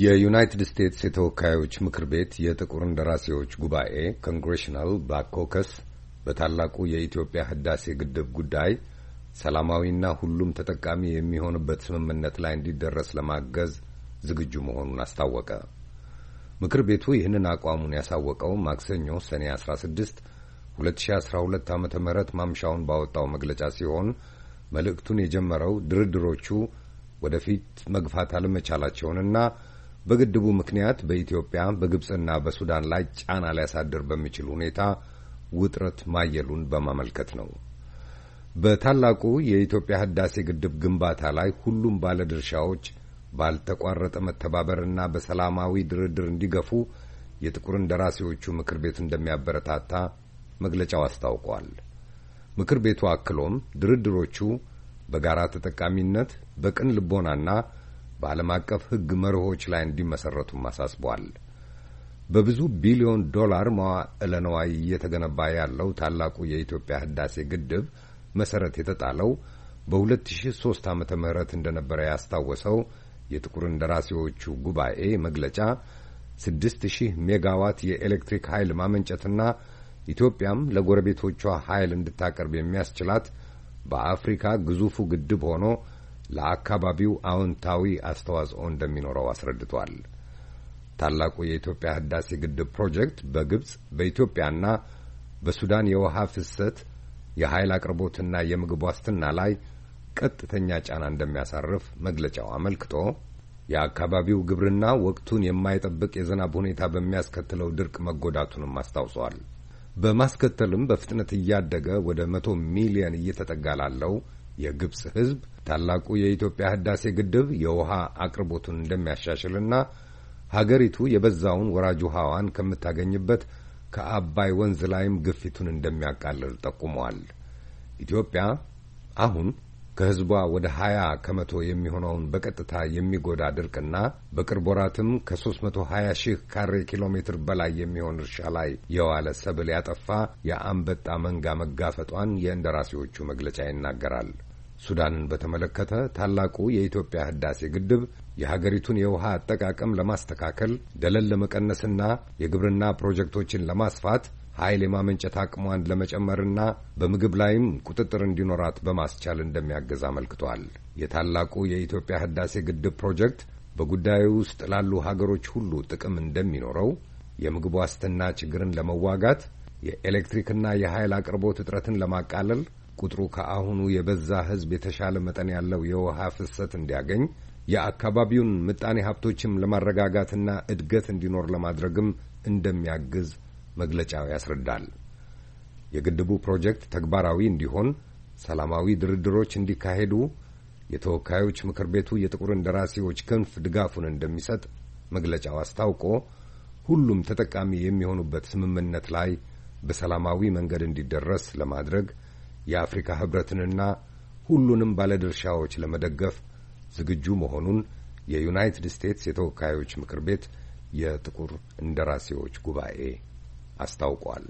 የዩናይትድ ስቴትስ የተወካዮች ምክር ቤት የጥቁር እንደራሴዎች ጉባኤ ኮንግሬሽናል ብላክ ኮከስ በታላቁ የኢትዮጵያ ህዳሴ ግድብ ጉዳይ ሰላማዊና ሁሉም ተጠቃሚ የሚሆንበት ስምምነት ላይ እንዲደረስ ለማገዝ ዝግጁ መሆኑን አስታወቀ። ምክር ቤቱ ይህንን አቋሙን ያሳወቀው ማክሰኞ ሰኔ 16 2012 ዓ ም ማምሻውን ባወጣው መግለጫ ሲሆን መልእክቱን የጀመረው ድርድሮቹ ወደፊት መግፋት አለመቻላቸውንና በግድቡ ምክንያት በኢትዮጵያ በግብፅና በሱዳን ላይ ጫና ሊያሳድር በሚችል ሁኔታ ውጥረት ማየሉን በማመልከት ነው። በታላቁ የኢትዮጵያ ህዳሴ ግድብ ግንባታ ላይ ሁሉም ባለድርሻዎች ባልተቋረጠ መተባበርና በሰላማዊ ድርድር እንዲገፉ የጥቁር እንደራሴዎቹ ምክር ቤት እንደሚያበረታታ መግለጫው አስታውቋል። ምክር ቤቱ አክሎም ድርድሮቹ በጋራ ተጠቃሚነት በቅን ልቦናና በዓለም አቀፍ ሕግ መርሆች ላይ እንዲመሠረቱም አሳስቧል። በብዙ ቢሊዮን ዶላር መዋዕለ ነዋይ እየተገነባ ያለው ታላቁ የኢትዮጵያ ህዳሴ ግድብ መሠረት የተጣለው በ2003 ዓ ም እንደነበረ ያስታወሰው የጥቁር እንደራሴዎቹ ጉባኤ መግለጫ 6000 ሜጋዋት የኤሌክትሪክ ኃይል ማመንጨትና ኢትዮጵያም ለጎረቤቶቿ ኃይል እንድታቀርብ የሚያስችላት በአፍሪካ ግዙፉ ግድብ ሆኖ ለአካባቢው አዎንታዊ አስተዋጽኦ እንደሚኖረው አስረድቷል። ታላቁ የኢትዮጵያ ህዳሴ ግድብ ፕሮጀክት በግብጽ በኢትዮጵያና በሱዳን የውሃ ፍሰት የኃይል አቅርቦትና የምግብ ዋስትና ላይ ቀጥተኛ ጫና እንደሚያሳርፍ መግለጫው አመልክቶ የአካባቢው ግብርና ወቅቱን የማይጠብቅ የዝናብ ሁኔታ በሚያስከትለው ድርቅ መጎዳቱንም አስታውሷል። በማስከተልም በፍጥነት እያደገ ወደ መቶ ሚሊየን እየተጠጋ ላለው የግብፅ ህዝብ ታላቁ የኢትዮጵያ ህዳሴ ግድብ የውሃ አቅርቦቱን እንደሚያሻሽልና ሀገሪቱ የበዛውን ወራጅ ውሃዋን ከምታገኝበት ከአባይ ወንዝ ላይም ግፊቱን እንደሚያቃልል ጠቁመዋል። ኢትዮጵያ አሁን ከህዝቧ ወደ 20 ከመቶ የሚሆነውን በቀጥታ የሚጎዳ ድርቅና በቅርብ ወራትም ከ320 ሺህ ካሬ ኪሎ ሜትር በላይ የሚሆን እርሻ ላይ የዋለ ሰብል ያጠፋ የአንበጣ መንጋ መጋፈጧን የእንደራሴዎቹ መግለጫ ይናገራል። ሱዳንን በተመለከተ ታላቁ የኢትዮጵያ ህዳሴ ግድብ የሀገሪቱን የውሃ አጠቃቀም ለማስተካከል፣ ደለል ለመቀነስና የግብርና ፕሮጀክቶችን ለማስፋት ኃይል የማመንጨት አቅሟን ለመጨመርና በምግብ ላይም ቁጥጥር እንዲኖራት በማስቻል እንደሚያገዝ አመልክቷል። የታላቁ የኢትዮጵያ ህዳሴ ግድብ ፕሮጀክት በጉዳዩ ውስጥ ላሉ ሀገሮች ሁሉ ጥቅም እንደሚኖረው፣ የምግብ ዋስትና ችግርን ለመዋጋት፣ የኤሌክትሪክና የኃይል አቅርቦት እጥረትን ለማቃለል ቁጥሩ ከአሁኑ የበዛ ህዝብ የተሻለ መጠን ያለው የውሃ ፍሰት እንዲያገኝ የአካባቢውን ምጣኔ ሀብቶችም ለማረጋጋትና እድገት እንዲኖር ለማድረግም እንደሚያግዝ መግለጫው ያስረዳል። የግድቡ ፕሮጀክት ተግባራዊ እንዲሆን ሰላማዊ ድርድሮች እንዲካሄዱ የተወካዮች ምክር ቤቱ የጥቁር እንደራሴዎች ክንፍ ድጋፉን እንደሚሰጥ መግለጫው አስታውቆ ሁሉም ተጠቃሚ የሚሆኑበት ስምምነት ላይ በሰላማዊ መንገድ እንዲደረስ ለማድረግ የአፍሪካ ህብረትንና ሁሉንም ባለድርሻዎች ለመደገፍ ዝግጁ መሆኑን የዩናይትድ ስቴትስ የተወካዮች ምክር ቤት የጥቁር እንደራሴዎች ጉባኤ አስታውቋል።